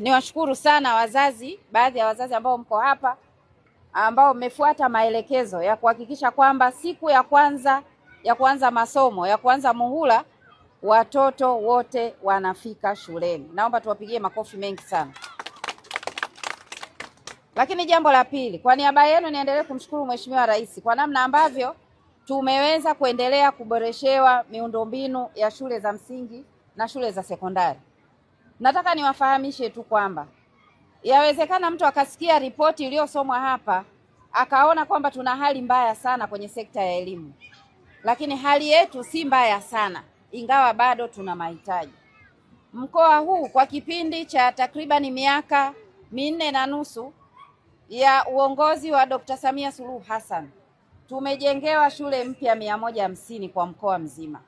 Niwashukuru sana wazazi, baadhi ya wazazi ambao mko hapa ambao mmefuata maelekezo ya kuhakikisha kwamba siku ya kwanza ya kuanza masomo ya kuanza muhula watoto wote wanafika shuleni. Naomba tuwapigie makofi mengi sana. Lakini jambo la pili, kwa niaba yenu niendelee kumshukuru Mheshimiwa Rais kwa namna ambavyo tumeweza kuendelea kuboreshewa miundombinu ya shule za msingi na shule za sekondari. Nataka niwafahamishe tu kwamba yawezekana mtu akasikia ripoti iliyosomwa hapa akaona kwamba tuna hali mbaya sana kwenye sekta ya elimu, lakini hali yetu si mbaya sana, ingawa bado tuna mahitaji. Mkoa huu kwa kipindi cha takribani miaka minne na nusu ya uongozi wa Dr. Samia Suluhu Hassan tumejengewa shule mpya mia moja hamsini kwa mkoa mzima.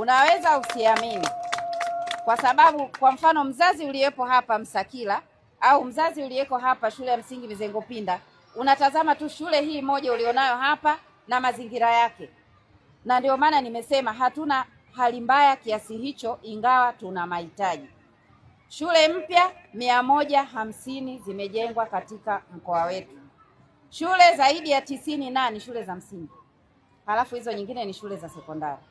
Unaweza usiamini kwa sababu kwa mfano mzazi uliyepo hapa Msakila au mzazi uliyeko hapa shule ya msingi Mizengo Pinda, unatazama tu shule hii moja ulionayo hapa na mazingira yake, na ndio maana nimesema hatuna hali mbaya kiasi hicho, ingawa tuna mahitaji. Shule mpya mia moja hamsini zimejengwa katika mkoa wetu, shule zaidi ya tisini na ni shule za msingi, halafu hizo nyingine ni shule za sekondari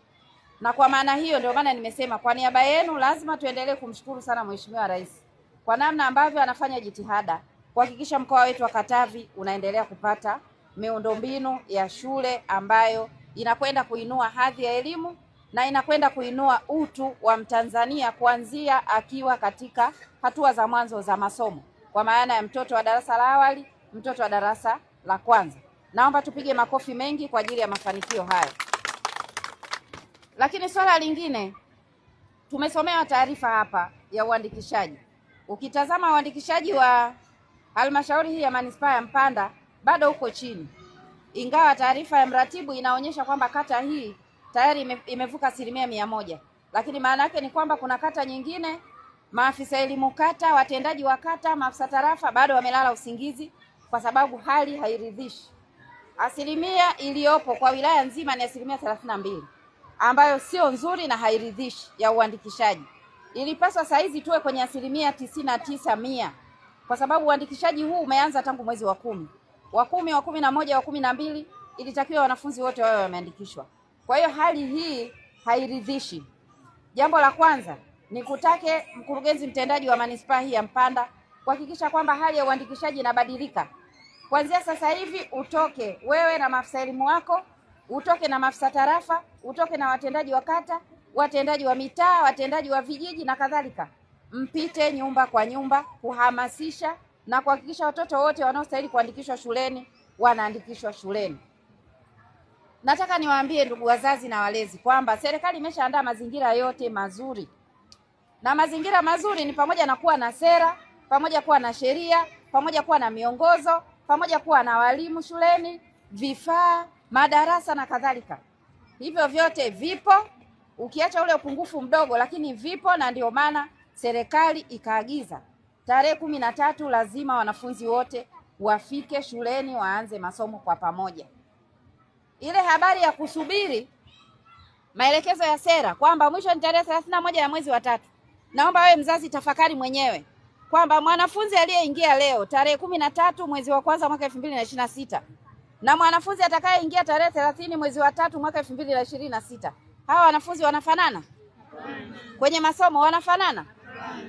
na kwa maana hiyo ndio maana nimesema kwa niaba yenu lazima tuendelee kumshukuru sana Mheshimiwa Rais kwa namna ambavyo anafanya jitihada kuhakikisha mkoa wetu wa Katavi unaendelea kupata miundombinu ya shule ambayo inakwenda kuinua hadhi ya elimu na inakwenda kuinua utu wa Mtanzania kuanzia akiwa katika hatua za mwanzo za masomo, kwa maana ya mtoto wa darasa la awali, mtoto wa darasa la kwanza. Naomba tupige makofi mengi kwa ajili ya mafanikio hayo lakini swala lingine tumesomewa taarifa hapa ya uandikishaji. Ukitazama uandikishaji wa halmashauri hii ya manispaa ya Mpanda bado uko chini, ingawa taarifa ya mratibu inaonyesha kwamba kata hii tayari imevuka asilimia mia moja, lakini maana yake ni kwamba kuna kata nyingine maafisa elimu kata, watendaji wa kata, maafisa tarafa bado wamelala usingizi kwa sababu hali hairidhishi. Asilimia iliyopo kwa wilaya nzima ni asilimia thelathini na mbili ambayo sio nzuri na hairidhishi ya uandikishaji. Ilipaswa saa hizi tuwe kwenye asilimia tisini na tisa mia, kwa sababu uandikishaji huu umeanza tangu mwezi wa kumi wa kumi wa kumi na moja wa kumi na mbili ilitakiwa wanafunzi wote wawe wameandikishwa. Kwa hiyo hali hii hairidhishi. Jambo la kwanza ni kutake mkurugenzi mtendaji wa manispaa hii ya Mpanda kuhakikisha kwamba hali ya uandikishaji inabadilika kuanzia sasa hivi, utoke wewe na maafisa elimu wako utoke na maafisa tarafa, utoke na watendaji wa kata, watendaji wa mitaa, watendaji wa vijiji na kadhalika, mpite nyumba kwa nyumba kuhamasisha na kuhakikisha watoto wote wanaostahili kuandikishwa shuleni wanaandikishwa shuleni. Nataka niwaambie ndugu wazazi na walezi kwamba serikali imeshaandaa mazingira yote mazuri, na mazingira mazuri ni pamoja na kuwa na sera, pamoja kuwa na sheria, pamoja kuwa na miongozo, pamoja kuwa na walimu shuleni, vifaa madarasa na kadhalika. Hivyo vyote vipo, ukiacha ule upungufu mdogo, lakini vipo, na ndio maana serikali ikaagiza tarehe kumi na tatu lazima wanafunzi wote wafike shuleni waanze masomo kwa pamoja. Ile habari ya kusubiri maelekezo ya sera kwamba mwisho ni tarehe thelathini na moja ya mwezi wa tatu, naomba wewe mzazi tafakari mwenyewe kwamba mwanafunzi aliyeingia leo tarehe kumi na tatu mwezi wa kwanza mwaka elfu mbili na ishirini na sita na mwanafunzi atakayeingia tarehe thelathini mwezi wa tatu mwaka elfu mbili na ishirini na sita hawa wanafunzi wanafanana kwenye masomo, wanafanana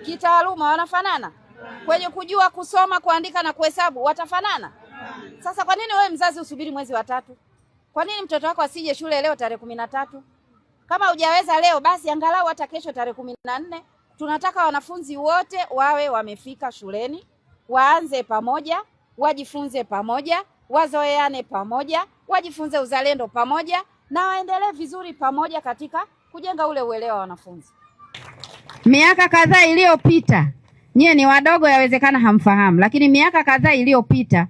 kitaaluma, wanafanana kwenye kujua kusoma, kuandika na kuhesabu, watafanana. Sasa kwa nini wewe mzazi usubiri mwezi wa tatu? Kwa nini mtoto wako asije shule leo tarehe kumi na tatu? Kama hujaweza leo, basi angalau hata kesho tarehe kumi na nne. Tunataka wanafunzi wote wawe wamefika shuleni, waanze pamoja, wajifunze pamoja wazoeane pamoja, wajifunze uzalendo pamoja, na waendelee vizuri pamoja katika kujenga ule uelewa wa wanafunzi. Miaka kadhaa iliyopita, nyie ni wadogo, yawezekana hamfahamu, lakini miaka kadhaa iliyopita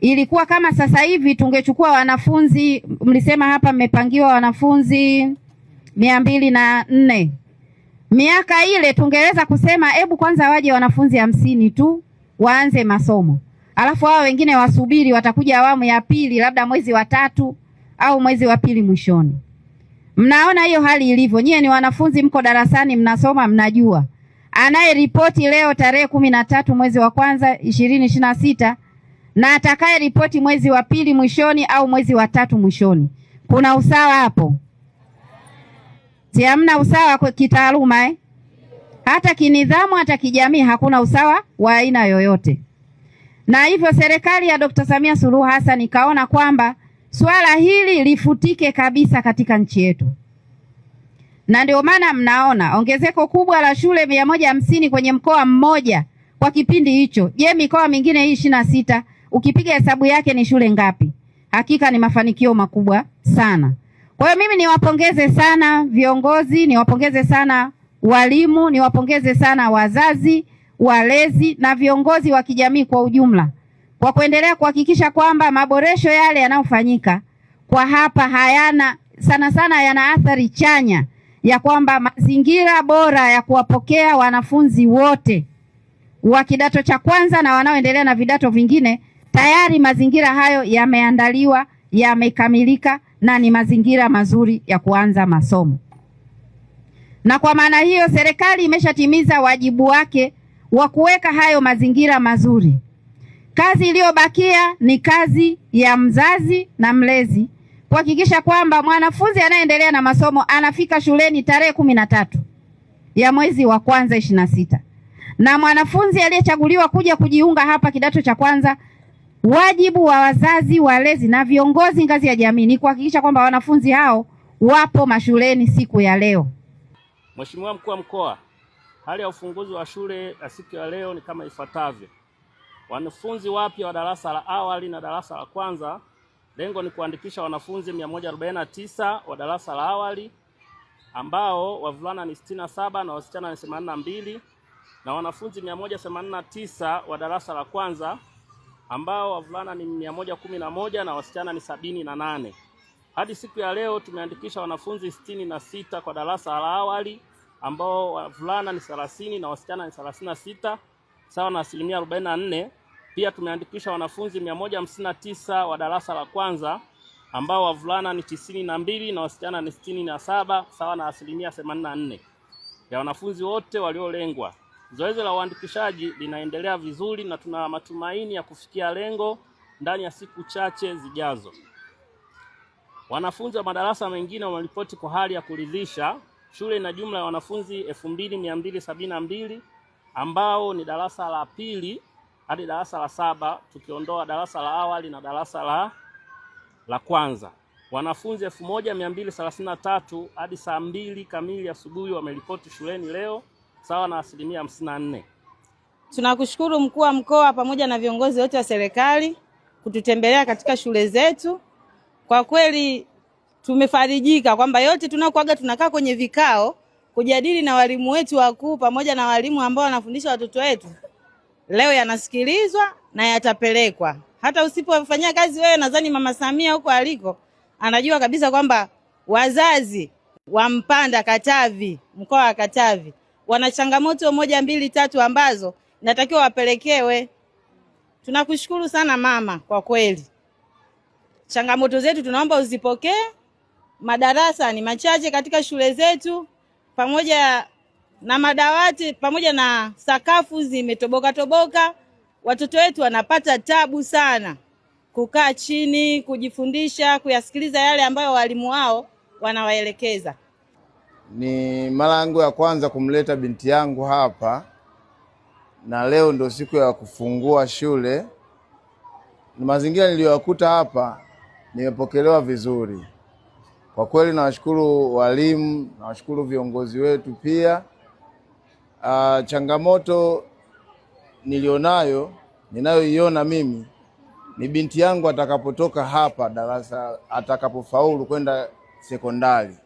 ilikuwa kama sasa hivi, tungechukua wanafunzi, mlisema hapa mmepangiwa wanafunzi mia mbili na nne. Miaka ile tungeweza kusema hebu kwanza waje wanafunzi hamsini tu waanze masomo, alafu hao wengine wasubiri, watakuja awamu ya pili, labda mwezi wa tatu au mwezi wa pili mwishoni. Mnaona hiyo hali ilivyo. Nyie ni wanafunzi, mko darasani, mnasoma, mnajua anaye ripoti leo tarehe kumi na tatu mwezi wa kwanza ishirini ishirini na sita na atakaye ripoti mwezi wa pili mwishoni au mwezi wa tatu mwishoni, kuna usawa hapo? Si hamna usawa kitaaluma eh? Hata kinidhamu, hata kijamii, hakuna usawa wa aina yoyote na hivyo serikali ya Dkt. Samia Suluhu Hassan ikaona kwamba swala hili lifutike kabisa katika nchi yetu, na ndio maana mnaona ongezeko kubwa la shule mia moja hamsini kwenye mkoa mmoja kwa kipindi hicho. Je, mikoa mingine hii ishirini na sita ukipiga hesabu yake ni shule ngapi? Hakika ni mafanikio makubwa sana. Kwa hiyo mimi niwapongeze sana viongozi, niwapongeze sana walimu, niwapongeze sana wazazi walezi na viongozi wa kijamii kwa ujumla kwa kuendelea kuhakikisha kwamba maboresho yale yanayofanyika kwa hapa hayana sana sana yana athari chanya ya kwamba mazingira bora ya kuwapokea wanafunzi wote wa kidato cha kwanza na wanaoendelea na vidato vingine, tayari mazingira hayo yameandaliwa, yamekamilika na ni mazingira mazuri ya kuanza masomo. Na kwa maana hiyo serikali imeshatimiza wajibu wake wa kuweka hayo mazingira mazuri. Kazi iliyobakia ni kazi ya mzazi na mlezi kuhakikisha kwamba mwanafunzi anayeendelea na masomo anafika shuleni tarehe kumi na tatu ya mwezi wa kwanza ishirini na sita na mwanafunzi aliyechaguliwa kuja kujiunga hapa kidato cha kwanza, wajibu wa wazazi, walezi na viongozi ngazi ya jamii ni kuhakikisha kwamba wanafunzi hao wapo mashuleni siku ya leo. Mheshimiwa Mkuu wa Mkoa, Hali ya ufunguzi wa shule ya siku ya leo ni kama ifuatavyo. Wanafunzi wapya wa darasa la awali na darasa la kwanza, lengo ni kuandikisha wanafunzi 149 wa darasa la awali ambao wavulana ni 67 na wasichana ni 82 na wanafunzi 189 wa darasa la kwanza ambao wavulana ni 111 na wasichana ni 78. Hadi siku ya leo tumeandikisha wanafunzi 66 kwa darasa la awali ambao wavulana ni thelathini na wasichana ni thelathini na sita sawa na asilimia arobaini na nne. Pia tumeandikisha wanafunzi mia moja hamsini na tisa wa darasa la kwanza ambao wavulana ni tisini na mbili na wasichana ni sitini na saba sawa na asilimia themanini na nne ya wanafunzi wote waliolengwa. Zoezi la uandikishaji linaendelea vizuri na tuna matumaini ya kufikia lengo ndani ya siku chache zijazo. Wanafunzi wa madarasa mengine wameripoti kwa hali ya kuridhisha. Shule ina jumla ya wanafunzi 2272 ambao ni darasa la pili hadi darasa la saba tukiondoa darasa la awali na darasa la, la kwanza. Wanafunzi 1233 hadi saa mbili kamili asubuhi wameripoti shuleni leo sawa na asilimia 54. Tunakushukuru mkuu wa mkoa pamoja na viongozi wote wa serikali kututembelea katika shule zetu. Kwa kweli tumefarijika kwamba yote tunakuaga tunakaa kwenye vikao kujadili na walimu wetu wakuu pamoja na walimu ambao wanafundisha watoto wetu, leo yanasikilizwa na yatapelekwa. Hata usipofanyia kazi wewe, nadhani Mama Samia huko aliko anajua kabisa kwamba wazazi wa Mpanda Katavi, mkoa wa Katavi, wana changamoto moja mbili tatu ambazo natakiwa wapelekewe. Tunakushukuru sana mama, kwa kweli changamoto zetu tunaomba uzipokee madarasa ni machache katika shule zetu, pamoja na madawati pamoja na sakafu zimetoboka toboka. Watoto wetu wanapata tabu sana kukaa chini kujifundisha, kuyasikiliza yale ambayo walimu wao wanawaelekeza. Ni mara yangu ya kwanza kumleta binti yangu hapa, na leo ndio siku ya kufungua shule. Mazingira niliyoyakuta hapa, nimepokelewa vizuri. Kwa kweli nawashukuru walimu, nawashukuru viongozi wetu pia. Uh, changamoto nilionayo ninayoiona mimi ni binti yangu atakapotoka hapa darasa, atakapofaulu kwenda sekondari,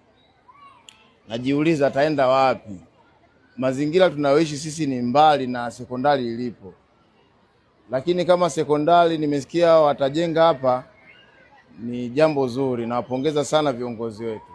najiuliza ataenda wapi? Mazingira tunayoishi sisi ni mbali na sekondari ilipo, lakini kama sekondari nimesikia watajenga hapa ni jambo zuri. Nawapongeza sana viongozi wetu.